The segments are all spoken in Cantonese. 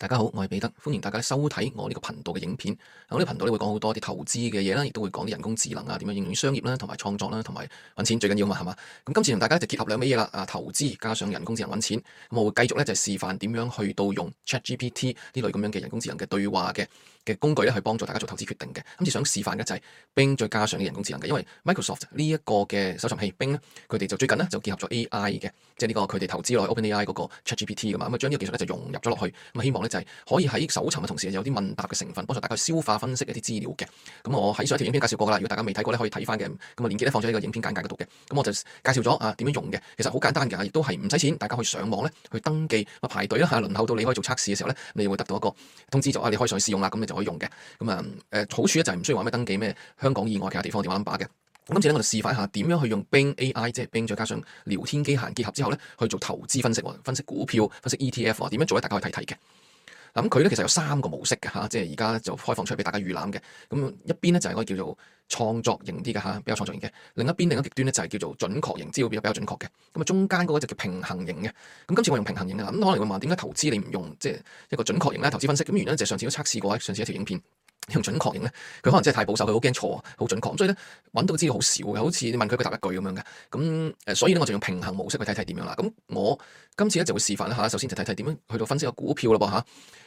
大家好，我係彼得，歡迎大家收睇我呢個頻道嘅影片。我呢個頻道咧會講好多啲投資嘅嘢啦，亦都會講啲人工智能啊，點樣應用商業啦，同埋創作啦，同埋揾錢最緊要嘛，係嘛？咁今次同大家就結合兩味嘢啦，啊，投資加上人工智能揾錢，咁我會繼續咧就示範點樣去到用 ChatGPT 呢類咁樣嘅人工智能嘅對話嘅嘅工具咧，去幫助大家做投資決定嘅。今次想示範嘅就係 Bing 再加上嘅人工智能嘅，因為 Microsoft 呢一個嘅搜尋器 Bing 咧，佢哋就最近咧就結合咗 AI 嘅，即係呢個佢哋投資落去 OpenAI 嗰個 ChatGPT 噶嘛，咁啊將呢個技術咧就融入咗落去，咁希望咧。就係可以喺搜尋嘅同時，有啲問答嘅成分，幫助大家去消化分析一啲資料嘅。咁我喺上一條影片介紹過噶啦。如果大家未睇過咧，可以睇翻嘅咁啊，鏈結咧放咗呢個影片簡介度嘅。咁我就介紹咗啊，點樣用嘅。其實好簡單嘅，亦都係唔使錢，大家去上網咧去登記啊排隊啦嚇，輪候到你可以做測試嘅時候咧，你會得到一個通知就啊，你可以上去試用啦。咁你就可以用嘅咁、嗯、啊。誒好處就係唔需要話咩登記咩香港以外其他地方電話 number 嘅。咁今次咧我就示範一下點樣去用 Bing AI，即係 Bing 再加上聊天機械結合之後咧去做投資分析，分析股票，分析 ETF 啊，點樣做大家去睇睇嘅。咁佢咧其實有三個模式嘅嚇，即係而家就開放出嚟俾大家預覽嘅。咁一邊咧就係可以叫做創作型啲嘅嚇，比較創作型嘅；另一邊另一極端咧就係叫做準確型，資料比較準確嘅。咁啊中間嗰個就叫平衡型嘅。咁今次我用平衡型嘅啦，咁可能我問點解投資你唔用即係一個準確型咧？投資分析咁原因就上次都測試過上次一條影片。用準確型咧，佢可能真係太保守，佢好驚錯啊，好準確，所以咧揾到嘅資料好少嘅，好似你問佢佢答一句咁樣嘅，咁誒所以咧我就用平衡模式去睇睇點樣啦。咁我今次咧就會示範一下，首先就睇睇點樣去到分析個股票啦噃嚇，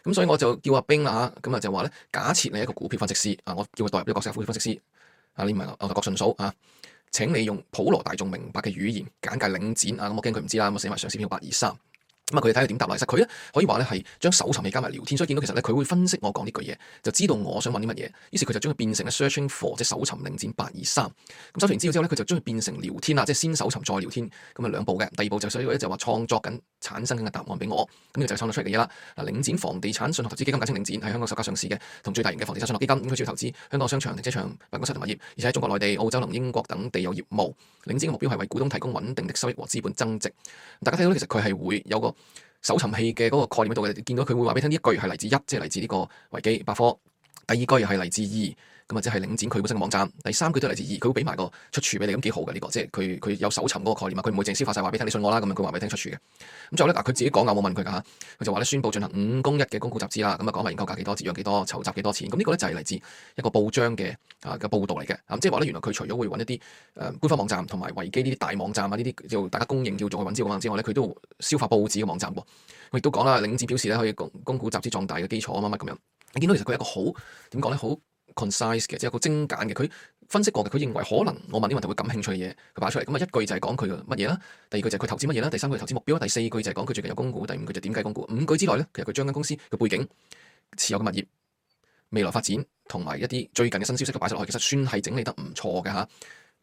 咁、啊、所以我就叫阿 Bing 啦嚇，咁啊就話咧假設你係一個股票分析師啊，我叫佢代入呢個角色股票分析師，啊你唔係牛頭角順嫂啊，請你用普羅大眾明白嘅語言簡介領展啊，咁我驚佢唔知啦，咁啊我寫埋上市編號八二三。咁佢睇下點答啦？其實佢咧可以話咧係將搜尋器加埋聊天，所以見到其實咧佢會分析我講呢句嘢，就知道我想問啲乜嘢。於是佢就將佢變成咧 searching for，即係搜尋領展八二三。咁搜尋完資料之後咧，佢就將佢變成聊天啦，即係先搜尋再聊天，咁啊兩步嘅。第二步就所以咧就話創作緊、產生緊嘅答案俾我。咁呢個就創作出嚟嘅嘢啦。嗱，領展房地產信託投資基金簡稱領展，係香港首家上市嘅同最大型嘅房地產信託基金。咁佢主要投資香港商場、停車場、辦公室同埋物業，而且喺中國內地、澳洲同英國等地有業務。領展嘅目標係為股東提供穩定嘅收益和資本增值。大家睇到其實佢係會有個搜尋器嘅嗰個概念喺度嘅，見到佢會話俾你聽呢一句係嚟自一，即係嚟自呢個維基百科；第二句係嚟自二，咁啊即係領展佢本身嘅網站；第三句都係嚟自二，佢會俾埋個出處俾你，咁幾好嘅呢個，即係佢佢有搜尋嗰個概念啊，佢唔會淨消化晒話俾你聽，你信我啦，咁啊佢話俾你聽出處嘅。咁最後咧嗱，佢自己講噶，冇問佢噶吓，佢就話咧宣布進行五供一嘅供股集資啦，咁啊講埋認購價幾多，折讓幾多，籌集幾多錢，咁、這、呢個咧就係嚟自一個報章嘅。嘅報道嚟嘅，即係話咧，原來佢除咗會揾一啲誒官方網站同埋維基呢啲大網站啊，呢啲叫大家公認叫做揾資料網站之外咧，佢都消化報紙嘅網站喎。佢亦都講啦，領展表示咧可以供股集資壯大嘅基礎啊乜乜咁樣。你見到其實佢係一個好點講咧，好 concise 嘅，即係、就是、一個精簡嘅。佢分析過嘅，佢認為可能我問啲問題會感興趣嘅嘢，佢擺出嚟咁啊，一句就係講佢嘅乜嘢啦。第二句就係佢投資乜嘢啦。第三句就投資目標啦。第四句就係講佢最近有供股。第五句就點解供股。五句之內咧，其實佢將間公司嘅背景、持有嘅物業、未來發展，同埋一啲最近嘅新消息都擺晒落去，其實算係整理得唔錯嘅嚇，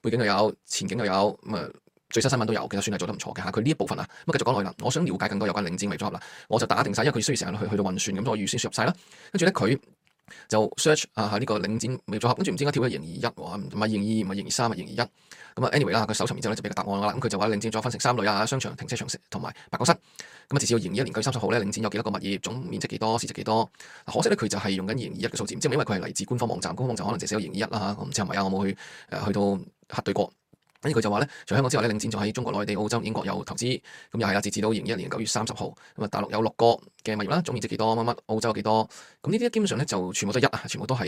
背景又有，前景又有咁啊，最新新聞都有，其實算係做得唔錯嘅嚇。佢呢一部分啊，咁啊繼續講落去啦。我想了解更多有關領展嘅組合啦，我就打定晒，因為佢需要成日去去到運算咁，所以我預先輸入晒啦。跟住咧佢。就 search 啊，呢、呢個領展物業組合，跟住唔知點解跳咗二零二一，唔係二零二二，唔係二零二三，係二零二一。咁啊，anyway 啦，佢搜尋完之後咧就俾個答案啦。咁、啊、佢就話領展再分成三類啊，商場、停車場式同埋辦公室。咁啊，直至到二零二一年九月三十號咧，領展有幾多個物業總面積幾多、市值幾多？可惜咧佢就係用緊二零二一嘅數字，唔知係咪因為佢係嚟自官方網站，官方網站可能就寫到二零二一啦嚇。我唔知係咪啊，我冇去誒去到核對過。咁佢就話咧，除香港之外咧，領展仲喺中國內地、澳洲、英國有投資，咁又係啊，截至到二零二一年九月三十號，咁啊大陸有六個嘅物業啦，總面積幾多乜乜？澳洲有幾多？咁呢啲基本上咧就全部都係一啊，全部都係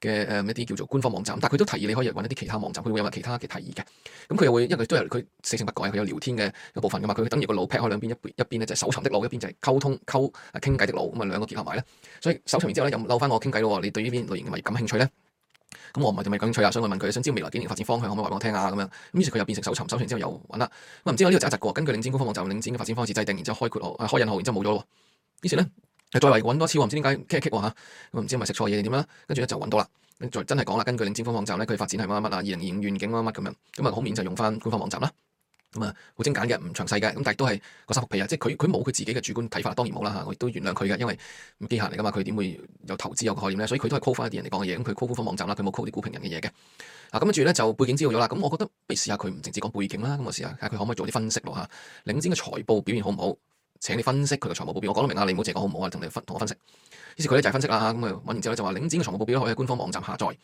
嘅誒一啲叫做官方網站。但係佢都提議你可以揾一啲其他網站，佢會有其他嘅提議嘅。咁佢又會因為都係佢死性不改，佢有聊天嘅一部分噶嘛。佢等住個腦劈開兩邊，一一邊咧就搜尋的腦，一邊就係溝通溝傾偈的腦，咁啊兩個結合埋咧。所以搜尋完之後咧，又唔留翻我傾偈咯。你對呢邊類型嘅物業感興趣咧？咁我唔係就咪感興趣啊，想去我問佢想知未來幾年發展方向可唔可以話我聽下？咁樣，咁於是佢又變成搜尋，搜尋之後又揾得咁啊，唔知我呢個就一直過，根據領展官方網站領展嘅發展方向制定，然之後開括啊開引號，然之後冇咗咯，於是咧再嚟揾多次，我唔知點解棘棘吓，咁唔知係咪食錯嘢定點啦，跟住咧就揾到啦，再真係講啦，根據領展官方網站咧佢發展係乜乜乜啊，二零二五年願景乜乜咁樣，咁啊好面就用翻官方網站啦。咁啊，好、嗯、精簡嘅，唔詳細嘅，咁但係都係個三幅被啊！即係佢佢冇佢自己嘅主觀睇法，當然冇啦嚇，我亦都原諒佢嘅，因為機械嚟噶嘛，佢點會有投資有個概念咧？所以佢都係 copy 翻啲人嚟講嘅嘢，咁佢 copy 翻網站啦，佢冇 copy 啲股評人嘅嘢嘅。咁跟住咧就背景知道咗啦。咁我覺得，試試不如試下佢唔直接講背景啦，咁我試下，睇下佢可唔可以做啲分析囉吓。領展嘅財報表現好唔好？請你分析佢嘅財務報表，我講到明啊，你唔好淨講好唔好啊，同你同我分析。於是佢咧就是、分析啦，咁啊揾完之後咧就話領展嘅財務報表可以喺官方網站下載。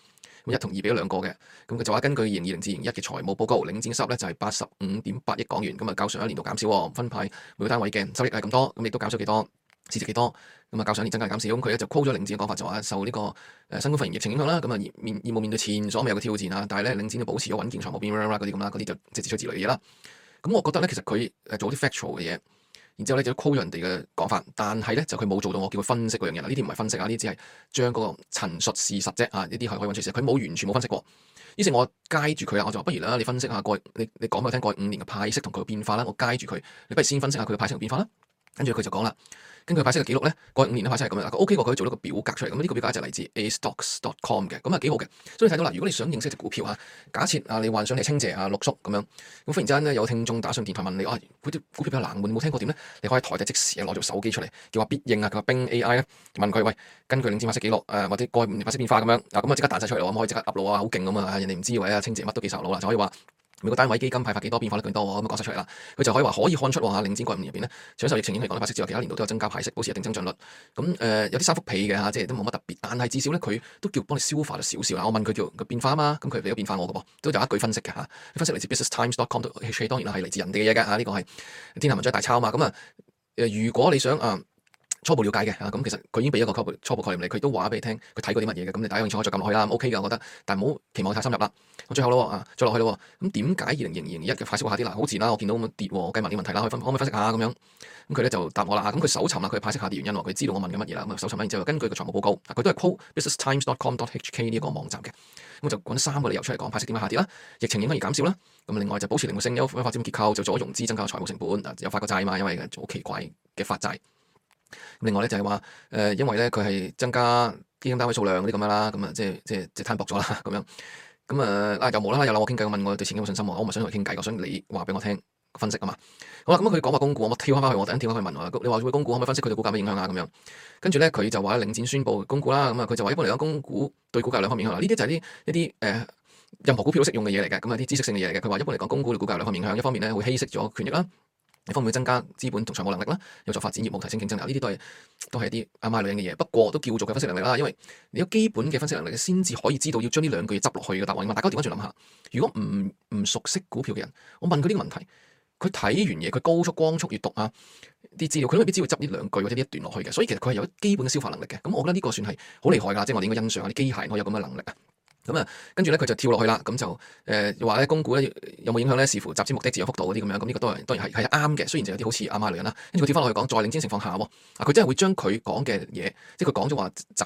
一同二俾咗兩個嘅，咁佢就話根據二零二零至二零一嘅財務報告，領展收入咧就係八十五點八億港元，咁啊較上一年度減少，分派每個單位嘅收益係咁多，咁亦都減少幾多市值幾多，咁啊較上一年增加減少，咁佢咧就 call 咗領展嘅講法，就話受呢個誒新冠肺炎疫情影響啦，咁啊而業務面對前所未有嘅挑戰啊，但係咧領展就保持咗穩健財務，變啦嗰啲咁啦，嗰啲就即係自吹自擂嘅嘢啦。咁我覺得咧，其實佢誒做啲 factual 嘅嘢。然之後咧就 call 人哋嘅講法，但係咧就佢冇做到，我叫佢分析嗰樣嘢啦。呢啲唔係分析啊，呢啲只係將嗰個陳述事實啫。啊，呢啲係可以揾出事實，佢冇完全冇分析過。於是，我介住佢啊，我就話不如啦，你分析下過去，你你講俾我聽過去五年嘅派息同佢嘅變化啦。我介住佢，你不如先分析下佢嘅派息同變化啦。跟住佢就講啦，根據派息嘅記錄咧，過去五年咧派息係咁樣啦，OK 嘅，佢做咗個表格出嚟，咁呢個表格就嚟自 A Stocks dot com 嘅，咁啊幾好嘅。所以睇到啦，如果你想認識一隻股票吓，假設啊你幻想你係清姐啊陸叔咁樣，咁忽然之間咧有聽眾打上電台問你啊，嗰啲股票比較冷門，冇聽過點咧？你可以台仔即時啊，攞住手機出嚟，叫話必應啊，佢話冰 AI 啊，問佢喂，根據領展派息記錄誒或者過去五年派息變化咁樣啊，咁啊即刻彈晒出嚟啊，我可以即刻 update 啊，好勁咁啊，人哋唔知位啊，清姐乜都記晒腦啦，就可以話。每個單位基金派發幾多，多，變化率幾多，咁啊講晒出嚟啦。佢就可以話可以看出喎嚇，領展過五年入邊咧，除咗受疫情影響嘅降息之外，其他年度都有增加派息，保持一定增長率。咁、嗯、誒、呃、有啲三幅皮嘅嚇，即係都冇乜特別，但係至少咧佢都叫幫你消化咗少少啊。我問佢叫佢變化啊嘛，咁佢俾咗變化我噶噃，都有一句分析嘅嚇、啊。分析嚟自 Business Times dot com，當然啦係嚟自人哋嘅嘢嘅嚇，呢、啊呢個係天下文章大抄啊嘛。咁、嗯、啊誒，如果你想啊～初步了解嘅啊，咁其實佢已經俾一個初步概念你，佢都話俾你聽，佢睇過啲乜嘢嘅咁。你第一興趣再撳落去啦，OK 噶，我覺得，但係唔好期望太深入啦。咁最後咯啊，再落去咯咁點解二零二零二一嘅派息下跌啦？好前啦，我見到咁樣跌，我計埋啲問題啦，可以分可唔可以分析下咁樣咁佢咧就答我啦。咁佢搜尋啦，佢派息下跌原因喎，佢知道我問緊乜嘢啦。咁啊搜尋完之後，根據個財務報告佢都係 call business times dot com dot h k 呢個網站嘅，咁就講三個理由出嚟講派息點樣下跌啦。疫情影響而減少啦。咁另外就保持靈活性，有發展結構就做咗融資，增加財務成本啊，有發過債嘛，因為好奇怪嘅�另外咧就係話誒，因為咧佢係增加基金單位數量嗰啲咁樣啦，咁啊即係即係即係攤薄咗啦，咁樣咁啊嗱，又無啦啦，又諗我傾偈，問我對前景有冇信心，我唔想同佢傾偈，我想你話俾我聽分析啊嘛。好啦，咁佢講話供股，我跳翻翻去，我突然跳翻去問我，你話會供股，可唔可以分析佢對股價咩影響啊？咁樣跟住咧，佢就話領展宣布供股啦。咁啊，佢就話一般嚟講，供股對股價兩方面影響啦。呢啲就係啲一啲誒，任何股票都適用嘅嘢嚟嘅。咁啊，啲知識性嘅嘢嘅。佢話一般嚟講，供股對股價兩方面影響，一方面咧會稀釋咗權益啦。你方唔方會增加資本同財務能力咧，有助發展業務、提升競爭力，呢啲都係都係啲阿媽女人嘅嘢。不過都叫做佢分析能力啦，因為你有基本嘅分析能力先至可以知道要將呢兩句嘢執落去嘅答案啊嘛。大家調翻轉諗下，如果唔唔熟悉股票嘅人，我問佢呢個問題，佢睇完嘢，佢高速光速閲讀啊啲資料，佢未必知要執呢兩句或者呢一段落去嘅。所以其實佢係有基本嘅消化能力嘅。咁我覺得呢個算係好厲害㗎，即係我哋應該欣賞下啲機械人可以有咁嘅能力啊。咁啊，跟住咧佢就跳落去啦，咁就誒話咧，供股咧有冇影響咧？視乎集資目的、自由幅度嗰啲咁樣，咁呢個當然當然係係啱嘅。雖然就有啲好似阿媽女人啦，跟住佢跳翻落去講在領展情況下喎，啊佢真係會將佢講嘅嘢，即係佢講咗話集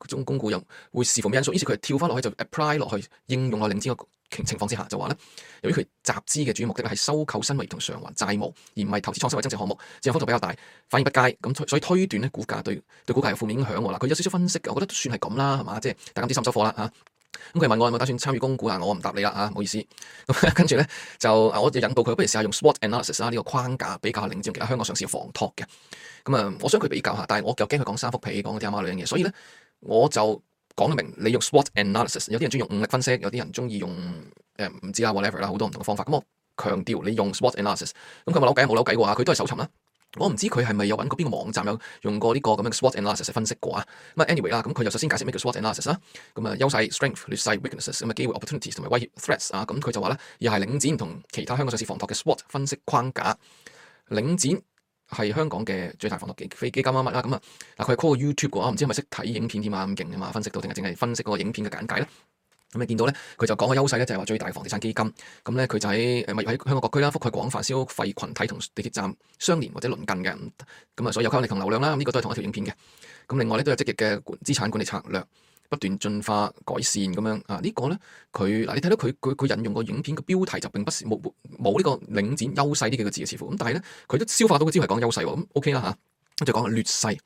資中供股又會視乎咩因素，於是佢跳翻落去就 apply 落去應用落去領展個情情況之下，就話咧，由於佢集資嘅主要目的係收購新物業同償還債務，而唔係投資創新或增值項目，自由幅度比較大，反應不佳，咁所以推斷咧股價對對股價有負面影響喎。嗱，佢有少少分析，嘅，我覺得算係咁啦，係嘛？即係大家唔知收唔收貨啦嚇。咁佢問我有冇打算參與港股，但我唔答你啦吓，唔好意思。咁跟住咧就我就引導佢，不如試下用 SWOT analysis 啦，呢個框架比較領先其他香港上市嘅房託嘅。咁啊，我想佢比較下，但係我又驚佢講三幅皮，講啲阿媽係女人嘅嘢，所以咧我就講得明。你用 SWOT analysis，有啲人中意用五力分析，有啲人中意用誒唔知啊 whatever 啦，好多唔同嘅方法。咁我強調你用 SWOT analysis。咁佢日扭計冇扭計喎吓，佢都係搜尋啦。我唔知佢係咪有揾過邊個網站有用過呢個咁嘅 SWOT analysis 分析過啊，咁啊 anyway 啦，咁佢就首先解釋咩叫 SWOT analysis 啦。咁啊優勢 strength、劣勢 weakness、咁啊機會 opportunities 同埋威脅、threats 啊。咁佢就話咧，又係領展同其他香港上市房託嘅 SWOT 分析框架。領展係香港嘅最大房託機非基金乜乜啦。咁啊嗱，佢係 call 個 YouTube 嘅話，唔知係咪識睇影片添啊，咁勁啊嘛，分析到定係淨係分析嗰個影片嘅簡介咧？咁你見到咧，佢就講個優勢咧，就係、是、話最大嘅房地產基金。咁咧，佢就喺誒咪喺香港各區啦，覆蓋廣泛消費群體同地鐵站相連或者鄰近嘅。咁啊，所以有吸引力同流量啦。呢、這個都係同一條影片嘅。咁另外咧，都有積極嘅資產管理策略，不斷進化改善咁樣啊。這個、呢個咧，佢嗱，你睇到佢佢佢引用個影片嘅標題就並不是冇冇呢個領展優勢呢幾個字嘅似乎。咁但係咧，佢都消化到，佢只係講優勢喎。咁 OK 啦吓，跟住講劣勢。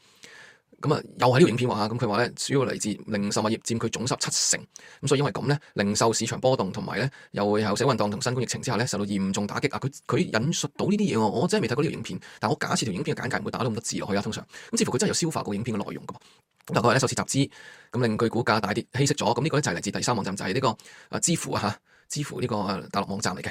咁啊，又係呢條影片喎嚇，咁佢話咧，主要嚟自零售物業佔佢總值七成，咁所以因為咁咧，零售市場波動同埋咧，又會有社會運動同新冠疫情之下咧，受到嚴重打擊啊！佢佢引述到呢啲嘢我真係未睇過呢條影片，但我假設條影片嘅簡介唔會打到咁多字落去啊，通常咁，似乎佢真係有消化過影片嘅內容噶噃。同埋佢咧首次集資，咁令佢股價大跌，稀釋咗。咁呢個咧就係嚟自第三網站，就係呢個啊知乎啊，知乎呢個大陸網站嚟嘅。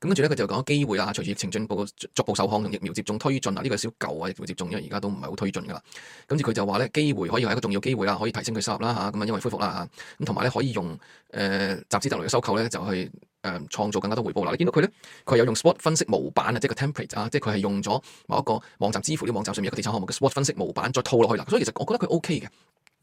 咁跟住咧，佢就講機會啦嚇，隨住疫情進步逐步受控同疫苗接種推進，這個、啊，呢個小舊啊疫苗接種，因為而家都唔係好推進噶啦。跟住佢就話咧，機會可以係一個重要機會啦，可以提升佢收入啦嚇。咁啊，因為恢復啦嚇，咁同埋咧可以用誒、呃、集資得嚟嘅收購咧，就去誒創造更加多回報啦。你見到佢咧，佢有用 SWOT 分析模板 ate，啊，即係個 template 啊，即係佢係用咗某一個網站支付啲個網站上面一個地產項目嘅 SWOT 分析模板再套落去啦。所以其實我覺得佢 OK 嘅。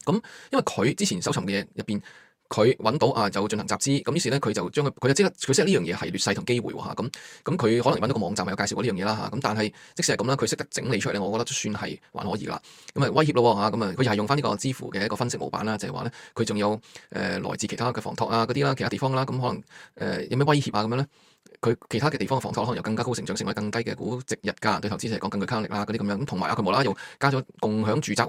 咁因為佢之前搜尋嘅入邊。佢揾到啊，就進行集資。咁於是呢，佢就將佢，佢就識得佢識得呢樣嘢係劣勢同機會喎。咁咁佢可能揾到個網站咪有介紹過呢樣嘢啦嚇。咁但係即使係咁啦，佢識得整理出嚟，我覺得算係還可以啦。咁啊威脅咯嚇。咁啊佢又係用翻呢個支付嘅一個分析模板啦，就係話呢，佢仲有誒來自其他嘅房託啊嗰啲啦，其他地方啦。咁可能誒有咩威脅啊咁樣呢，佢其他嘅地方嘅房託可能有更加高成長性，成為更低嘅估值日價對投資者嚟講更具吸引力啦嗰啲咁樣。同埋佢無啦啦又加咗共享住宅。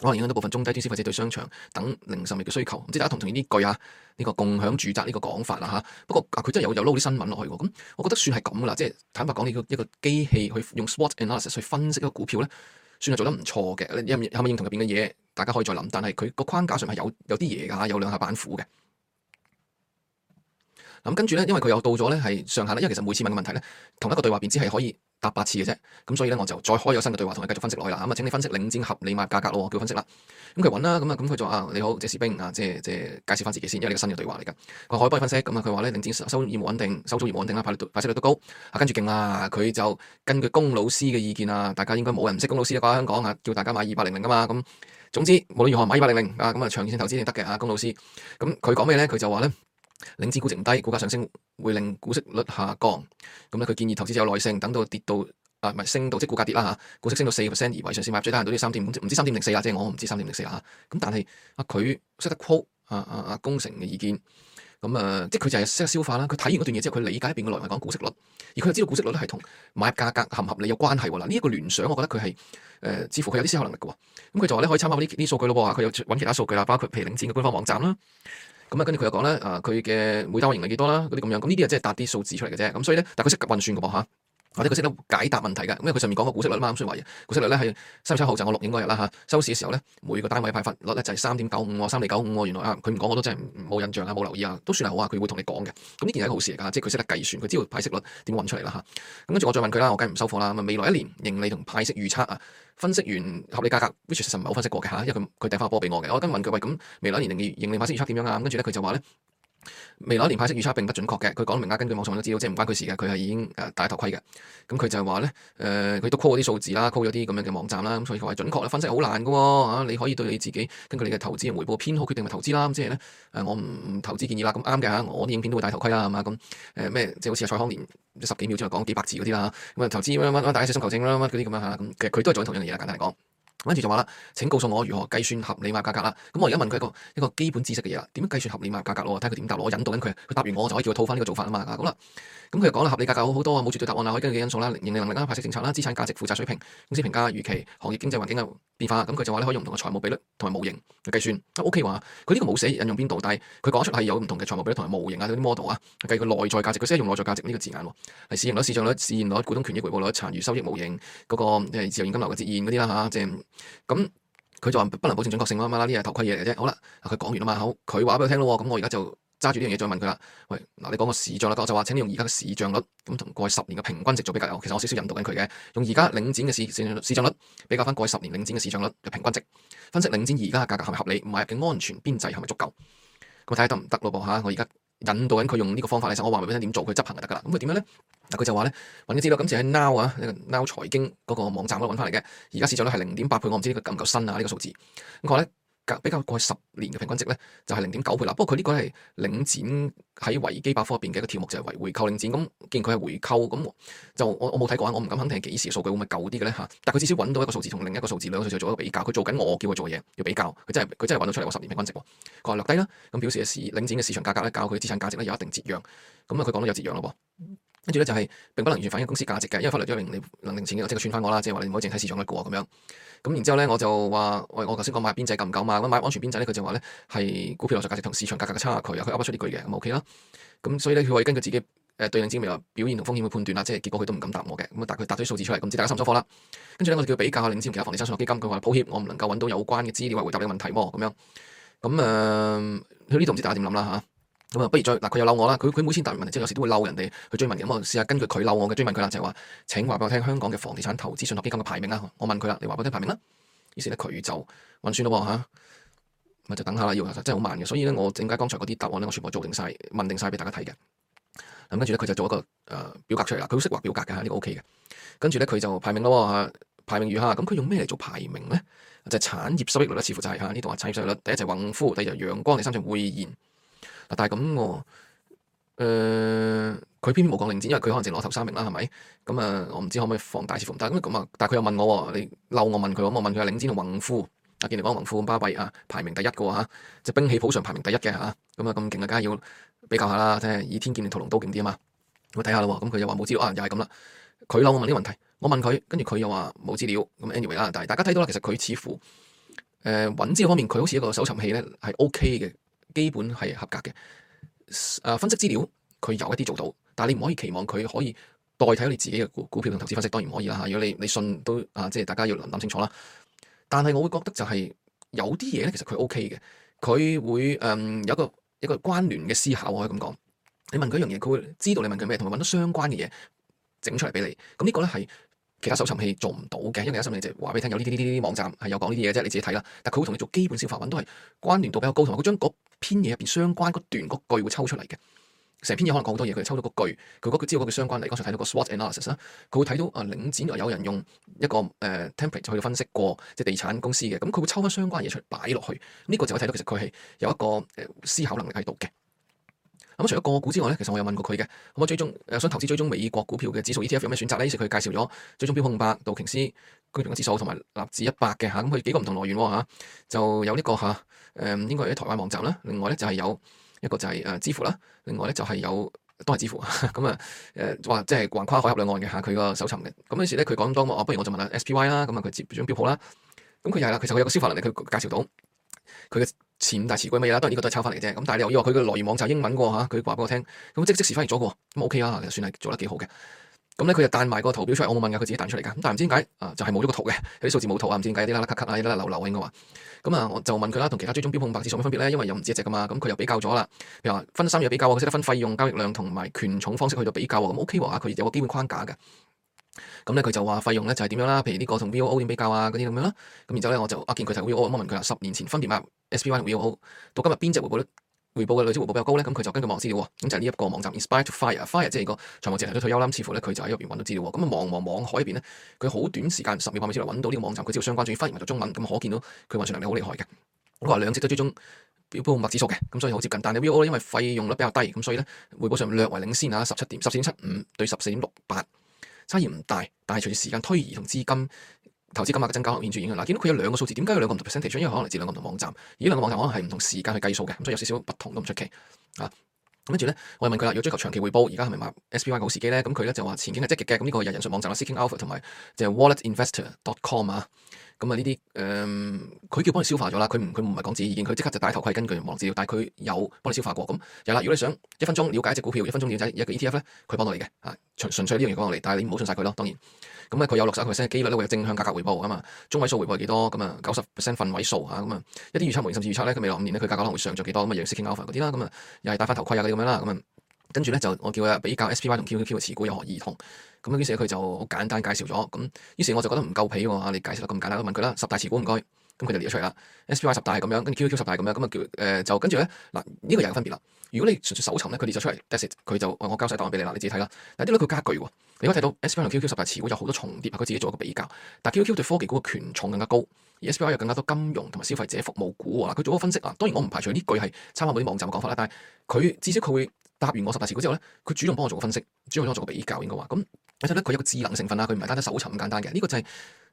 可能影響到部分中低端消費者對商場等零售嘅需求，唔知大家同唔同意呢句啊？呢個共享住宅呢個講法啦嚇，不過啊佢真係有有撈啲新聞落去喎，咁我覺得算係咁啦，即係坦白講，呢個一個機器去用 SWOT analysis 去分析一個股票咧，算係做得唔錯嘅。有冇有冇認同入邊嘅嘢？大家可以再諗，但係佢個框架上係有有啲嘢噶嚇，有兩下板斧嘅。咁跟住咧，因為佢又到咗咧係上下啦，因為其實每次問嘅問題咧，同一個對話，便只係可以。搭八次嘅啫，咁所以咧我就再開咗新嘅對話，同佢繼續分析落去啦嚇。請你分析領展合理買價格咯，我叫我分析啦。咁佢揾啦，咁啊咁佢就啊你好，謝士兵啊，即係即係介紹翻自己先，因為你個新嘅對話嚟噶。佢可以幫你分析，咁啊佢話咧領展收收租業務穩定，收租業務穩定啦，派率派息率都高，啊跟住勁啦，佢就根據龔老師嘅意見啊，大家應該冇人唔識龔老師嘅啩，香港啊叫大家買二八零零噶嘛。咁總之，無論如何買二八零零啊，咁啊長線投資先得嘅啊，龔老師。咁佢講咩咧？佢就話咧。領展估值唔低，股價上升會令股息率下降。咁、嗯、咧，佢建議投資者有耐性，等到跌到啊，唔係升到，即係股價跌啦嚇，股息升到四個 percent 而為上市買最低限都啲三點五，唔知三點零四啦，即係我唔知三點零四啦嚇。咁但係啊，佢識得 quote 啊啊啊，工程嘅意見。咁啊，即係佢就係識消化啦。佢睇完嗰段嘢之後，佢理解邊個內容係講股息率，而佢又知道股息率都係同買入價格合唔合理有關係喎。嗱，呢一個聯想，我覺得佢係誒似乎佢有啲思考能力嘅喎。咁佢就話咧，可以參考呢啲數據咯喎，佢有揾其他數據啊，包括譬如領展嘅官方網站啦。咁跟住佢又講啦，啊，佢嘅每單位盈利幾多啦，嗰啲咁樣，咁呢啲啊，即係搭啲數字出嚟嘅啫，咁所以咧，但係佢識運算嘅噃嚇。或者佢識得解答問題㗎，因為佢上面講個股息率啦，啱先話嘅股息率咧係三月七號就我錄影嗰日啦嚇，收市嘅時候咧每個單位派發率咧就係三點九五喎，三釐九五喎，原來啊佢唔講我都真係冇印象啊冇留意啊，都算係好啊，佢會同你講嘅。咁呢件係好事嚟㗎，即係佢識得計算，佢知道派息率點揾出嚟啦嚇。咁跟住我再問佢啦，我梗係唔收貨啦。咁啊未來一年盈利同派息預測啊，分析完合理價格，which is actually 唔係好分析過嘅嚇，因為佢佢掟翻個波俾我嘅。我跟問佢喂，咁未來一年盈利派息預測點樣啊？跟住咧佢就話咧。未來一年派息預測並不準確嘅，佢講得明啦，根據網上都知道，即係唔關佢事嘅，佢係已經誒戴頭盔嘅。咁佢就係話咧，誒、呃，佢都 call 啲數字啦，call 咗啲咁樣嘅網站啦，咁所以佢話準確分析好難噶，吓你可以對你自己根據你嘅投資回報偏好決定咪投資啦。咁即係咧，誒，我唔投資建議啦，咁啱嘅吓，我啲影片都會戴頭盔啦，係嘛咁誒咩，即係好似蔡康年十幾秒之後講幾百字嗰啲啦，咁啊投資乜乜乜大家小心求證啦，乜嗰啲咁樣吓，咁其實佢都係做同樣嘅嘢，簡單嚟講。跟住就話啦，請告訴我如何計算合理價價格啦。咁我而家問佢一個一個基本知識嘅嘢啦，點樣計算合理價價格咯？睇佢點答咯，我引導緊佢，佢答完我就可以叫佢套翻呢個做法啊嘛，好啦。咁佢又講啦，合理價格好好多啊，冇絕對答案啊，可以根據嘅因素啦、盈利能力啦、排息政策啦、資產價值、負債水平、公司評價、預期、行業經濟環境嘅變化。咁佢就話咧，可以用唔同嘅財務比率同埋模型去計算。啊 OK 話，佢呢個冇寫引用邊度，但係佢講出係有唔同嘅財務比率同埋模型啊，嗰啲 model 啊，計佢內在價值，佢先用內在價值呢個字眼喎。利市盈率、市淨率、市現率、股東權益回報率、殘餘收益模型嗰個自由現金流嘅折現嗰啲啦吓，即係咁。佢就話不能保證準確性啊嘛啦，呢係頭盔嘢嚟嘅啫。好啦，佢講完啊嘛，好，佢話俾我聽咯。咁我而家就。揸住呢樣嘢再問佢啦。喂，嗱你講個市帳啦，我就話請你用而家嘅市帳率，咁同過去十年嘅平均值做比較。其實我少少引導緊佢嘅，用而家領展嘅市市帳率，市帳率比較翻過去十年領展嘅市帳率嘅、就是、平均值，分析領展而家嘅價格係咪合理，買入嘅安全邊際係咪足夠。咁睇下得唔得咯噃嚇。我而家引導緊佢用呢個方法咧，我話俾你聽點做，佢執行就得噶啦。咁佢點樣咧？嗱佢就話咧，揾咗資料，今次喺 now 啊，呢個 now 財經嗰個網站咧揾翻嚟嘅。而家市帳率係零點八倍，我唔知呢個夠唔夠新啊呢、這個數字。咁我咧。比較過去十年嘅平均值咧，就係零點九倍啦。不過佢呢個係領展喺維基百科入邊嘅一個條目，就係為回購領展。咁既然佢係回購，咁就我我冇睇過啊，我唔敢肯定係幾時嘅數據，會唔會舊啲嘅咧嚇？但係佢至少揾到一個數字同另一個數字兩個數字做一個比較，佢做緊我叫佢做嘅嘢，要比較。佢真係佢真係揾到出嚟個十年平均值喎。佢話略低啦，咁表示嘅市領展嘅市場價格咧，較佢資產價值咧有一定折讓。咁啊，佢講到有折讓咯噃。跟住咧就係並不能完全反映公司價值嘅，因為法律約定你能令錢嘅即係串轉翻我啦，即係話你唔好以淨睇市場嘅股咁樣。咁然之後咧我就話喂，我頭先講買邊隻夠唔夠嘛？咁買安全邊際咧，佢就話咧係股票內在價值同市場價格嘅差距啊，佢噏得出呢句嘅，咁 ok 啦。咁所以咧佢可以根據自己誒對領展未來表現同風險嘅判斷啦，即係結果佢都唔敢答我嘅。咁啊，但佢答咗啲數字出嚟，唔知大家收唔收貨啦。跟住咧我就叫佢比較下領展其他房地產信託基金，佢話抱歉，我唔能夠揾到有關嘅資料或回答你個問題喎，咁樣。咁、嗯、誒，佢呢度唔知大家點諗啦嚇？咁啊，不如再嗱，佢又嬲我啦。佢佢每次答完問題，即係有時都會嬲人哋去追問嘅。咁我試下根據佢嬲我嘅追問佢啦，就係、是、話，請話俾我聽香港嘅房地產投資信託基金嘅排名啦。我問佢啦，你話俾我聽排名啦。於是咧，佢就運算咯吓，咪就等下啦。要真係好慢嘅，所以咧，我點解剛才嗰啲答案咧，我全部做定晒、問定晒俾大家睇嘅。咁跟住咧，佢就做一個誒、呃、表格出嚟啦。佢好識畫表格嘅吓，啊這個 OK、呢個 O K 嘅。跟住咧，佢就排名咯吓、啊，排名如下。咁佢用咩嚟做排名咧？就係、是、產業收益率咧，似乎就係吓呢度啊。產業收益率第一就宏富，第二就陽光，第三就匯賢。但係咁我，佢、呃、偏偏冇講領展，因為佢可能淨攞頭三名啦，係咪？咁、嗯、啊，我唔知可唔可以放大視放大。係咁啊，但係佢又問我，你嬲我問佢，我問佢啊，領展同宏夫啊見你講，宏夫咁巴閉啊，排名第一嘅喎嚇，即兵器譜上排名第一嘅嚇。咁啊咁勁啊，梗係要比較下啦，即係倚天劍定屠龍刀勁啲啊嘛。我睇下咯，咁、嗯、佢又話冇資料啊，又係咁啦。佢嬲我問呢個問題，我問佢，跟住佢又話冇資料。咁 anyway 啦，但係大家睇到啦，其實佢似乎誒揾、呃、資料方面，佢好似一個搜尋器咧、OK，係 OK 嘅。基本係合格嘅，誒、啊、分析資料佢有一啲做到，但係你唔可以期望佢可以代替你自己嘅股股票同投資分析，當然唔可以啦。嚇，如果你你信都啊，即係大家要諗清楚啦。但係我會覺得就係、是、有啲嘢咧，其實佢 OK 嘅，佢會誒、嗯、有一個有一個關聯嘅思考，我可以咁講。你問佢一樣嘢，佢會知道你問佢咩，同埋揾到相關嘅嘢整出嚟俾你。咁呢個咧係其他搜尋器做唔到嘅，因為其他搜尋器就話俾你聽有呢啲呢啲網站係有講呢啲嘢啫，你自己睇啦。但佢會同你做基本消化文，都係關聯度比較高。同埋佢將嗰篇嘢入邊相關嗰段嗰句會抽出嚟嘅，成篇嘢可能講好多嘢，佢就抽到個句，佢知道嗰句相關嚟。剛才睇到個 SWOT analysis 啦，佢會睇到啊，領展又有人用一個誒 template 就去分析過即係地產公司嘅。咁佢會抽翻相關嘢出嚟擺落去呢個就可以睇到，其實佢係有一個誒思考能力喺度嘅。咁除咗個股之外咧，其實我有問過佢嘅，可唔可以追蹤？誒想投資追蹤美國股票嘅指數 ETF 有咩選擇咧？於是佢介紹咗追蹤標普五百、道瓊斯、居平嘅指數，同埋納指一百嘅嚇。咁、嗯、佢幾個唔同來源喎就有呢、這個嚇，誒、嗯、應該係啲台灣網站啦。另外咧就係有一個就係誒支付啦，另外咧就係有都係支付。咁啊誒話即係橫跨海峽兩岸嘅嚇，佢個搜尋嘅。咁於是咧佢講咁多，不如我就問下 SPY 啦、嗯。咁啊佢接張標普啦。咁佢又係其實有個消化能力，佢介紹到佢嘅。前五大前鬼乜啦，當然呢個都係抄翻嚟啫。咁但係你又要話佢嘅來源網站英文嘅吓，佢話俾我聽。咁即即時翻譯咗嘅，咁 OK 啊，其實算係做得幾好嘅。咁咧佢又彈埋嗰個圖表出嚟，我冇問噶，佢自己彈出嚟噶。咁但係唔知點解啊，就係冇咗個圖嘅，佢啲數字冇圖啊，唔知點解啲拉拉卡卡啊，啲拉流流應該話。咁啊，我就問佢啦，同其他追蹤標普五百指數咩分別咧？因為又唔止一隻噶嘛，咁佢又比較咗啦。譬如話分三日比較，佢識得分費用、交易量同埋權重方式去到比較 OK，啊。咁 OK 喎，啊佢有個基本框架嘅。咁咧，佢、嗯、就話費用咧就係點樣啦，譬如呢個同 V O O 點比較啊，嗰啲咁樣啦。咁然之後咧，我就啊見佢提 V O O，我問佢啊，OO, 十年前分別買 S P Y 同 V O O 到今日邊隻回報率回報嘅累積回報比較高咧？咁佢就根據網資料，咁就係呢一個網站 Inspire to Fire，Fire Fire 即係個財務自由提早退休啦。似乎咧佢就喺入邊搵到資料。咁、嗯、啊，茫茫網海入邊咧，佢好短時間十秒八秒之內搵到呢個網站，佢知道相關。仲翻譯成中文，咁可見到佢運算能力好厲害嘅。我都話兩隻都追蹤標普五百指數嘅，咁所以好接近。但係 V O O 因為費用率比較低，咁所以咧回報上略為領先啊，十七點十四點七五對十四點六八。差異唔大，但係隨住時間推移同資金投資金額嘅增加，出現顯著影響。嗱，見到佢有兩個數字，點解有兩個唔同 percentage？因為可能嚟自兩個唔同網站，而呢兩個網站可能係唔同時間去計數嘅，咁所以有少少不同都唔出奇。啊，咁跟住咧，我又問佢啦，要追求長期回報，而家係咪買 SPY 好時機咧？咁佢咧就話前景係積極嘅。咁呢個有人信網站啦 Seeking Alpha 同埋就係 walletinvestor.com 啊。咁啊呢啲，誒，佢、嗯、叫幫你消化咗啦，佢唔佢唔係講自己意見嘅，佢即刻就戴頭盔，根據網絡資料，但係佢有幫你消化過咁，係啦。如果你想一分鐘了解一隻股票，一分鐘瞭解一個 ETF 咧，佢幫到你嘅，啊，純純粹呢樣嘢幫到你。但係你唔好信晒佢咯，當然。咁咧佢有六十一 percent 嘅機率咧會有正向價格回報啊嘛，中位數回報係幾多？咁啊九十 percent 分位數啊，咁啊一啲預測模，甚至預測咧佢未來五年咧佢價格可能會上咗幾多？咁啊，Seeking Alpha 嗰啲啦，咁啊又係戴翻頭盔啊啲咁樣啦，咁啊。跟住咧就我叫佢比較 S P Y 同 Q Q 嘅持股有何異同，咁啊於是佢就好簡單介紹咗，咁於是我就覺得唔夠皮喎，你解釋得咁簡單，問佢啦，十大持股唔該，咁佢就列咗出嚟啦，S P Y 十大係咁樣，跟住 Q Q 十大係咁樣，咁啊叫誒就跟住咧嗱呢、呢個又有分別啦。如果你純粹搜尋咧，佢列咗出嚟，佢就我交晒檔案俾你啦，你自己睇啦。但係啲佬佢加句喎，你可以睇到 S P Y 同 Q Q 十大持股有好多重疊，佢自己做一個比較。但 Q Q 對科技股嘅權重更加高，而 S P Y 有更加多金融同埋消費者服務股喎。佢、啊、做個分析啊，當然我唔排除呢句係參考嗰啲網站嘅講法啦，但係佢至少佢會。答完我十大持股之後咧，佢主動幫我做個分析，主動幫我做個比較，應該話咁，其實咧佢有一個智能成分啦，佢唔係單單搜尋咁簡單嘅，呢個就係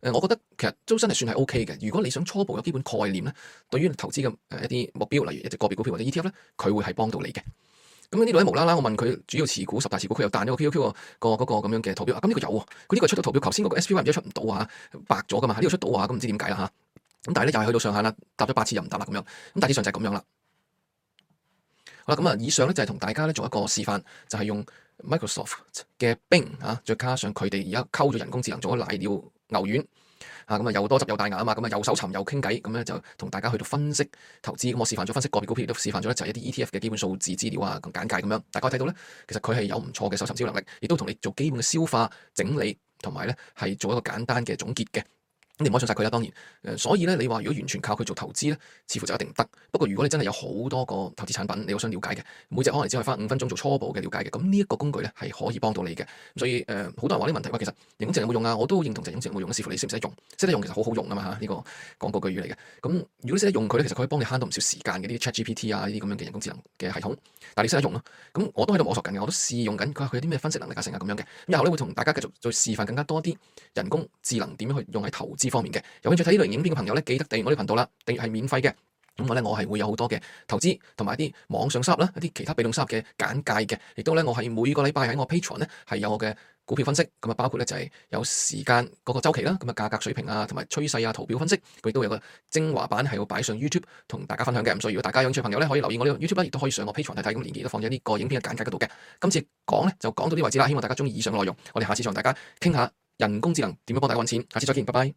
誒，我覺得其實周身係算係 O K 嘅。如果你想初步有基本概念咧，對於投資嘅誒一啲目標，例如一隻個別股票或者 ETF 咧，佢會係幫到你嘅。咁、嗯、呢度咧無啦啦，我問佢主要持股十大持股，佢又彈咗 QQ 個 Q Q 個嗰咁樣嘅圖表，咁、啊、呢個有啊，佢呢個出咗圖表，頭先嗰個 SPY 唔知出唔到啊，白咗噶嘛，呢個出到啊，咁唔知點解啦吓，咁但係咧又係去到上限啦，搭咗八次又唔搭啦咁樣，咁大致上就係咁樣啦。嗱咁啊，以上咧就係同大家咧做一個示範，就係、是、用 Microsoft 嘅 Bing，啊，再加上佢哋而家溝咗人工智能做瀨尿、牛丸啊，咁啊又多汁又大牙啊嘛，咁啊又搜尋又傾偈，咁咧就同大家去到分析投資。咁我示範咗分析個別股票，亦都示範咗咧就係一啲 ETF 嘅基本數字資料啊、咁簡介咁樣。大家睇到咧，其實佢係有唔錯嘅搜尋資料能力，亦都同你做基本嘅消化整理，同埋咧係做一個簡單嘅總結嘅。你唔可以信晒佢啦，當然，誒，所以咧，你話如果完全靠佢做投資咧，似乎就一定唔得。不過如果你真係有好多個投資產品，你好想了解嘅，每隻可能只係花五分鐘做初步嘅了解嘅，咁呢一個工具咧係可以幫到你嘅。所以誒，好、呃、多人話啲問題，話其實人工智能有冇用啊？我都認同人工智能有冇用，視乎你識唔識用。識得用其實好好用啊嘛嚇，呢、這個廣告句語嚟嘅。咁如果你識得用佢咧，其實佢可以幫你慳到唔少時間嘅啲 ChatGPT 啊，呢啲咁樣嘅人工智能嘅系統。但係你識得用咯。咁我都喺度摸索緊嘅，我都試用緊，佢佢有啲咩分析能力啊、成啊咁樣嘅。以後咧會同大家繼續再示範更加多啲人工智能點樣去用喺投資方面嘅，有興趣睇呢類影片嘅朋友咧，記得訂閱我,、嗯、我呢個頻道啦，訂閱係免費嘅。咁我咧，我係會有好多嘅投資同埋一啲網上收入啦，一啲其他被動收入嘅簡介嘅。亦都咧，我係每個禮拜喺我 Patreon 咧係有我嘅股票分析，咁啊包括咧就係、是、有時間嗰個周期啦，咁啊價格水平啊，同埋趨勢啊圖表分析，亦都有個精華版係要擺上 YouTube 同大家分享嘅。咁所以如果大家有興趣朋友咧，可以留意我個呢個 YouTube 啦，亦都可以上我 Patreon 睇睇。咁連結都放咗喺呢個影片嘅簡介嗰度嘅。今次講咧就講到呢個位置啦，希望大家中意以上嘅內容。我哋下次再同大家傾下人工智能點樣幫大家搵錢。下次再見，拜拜。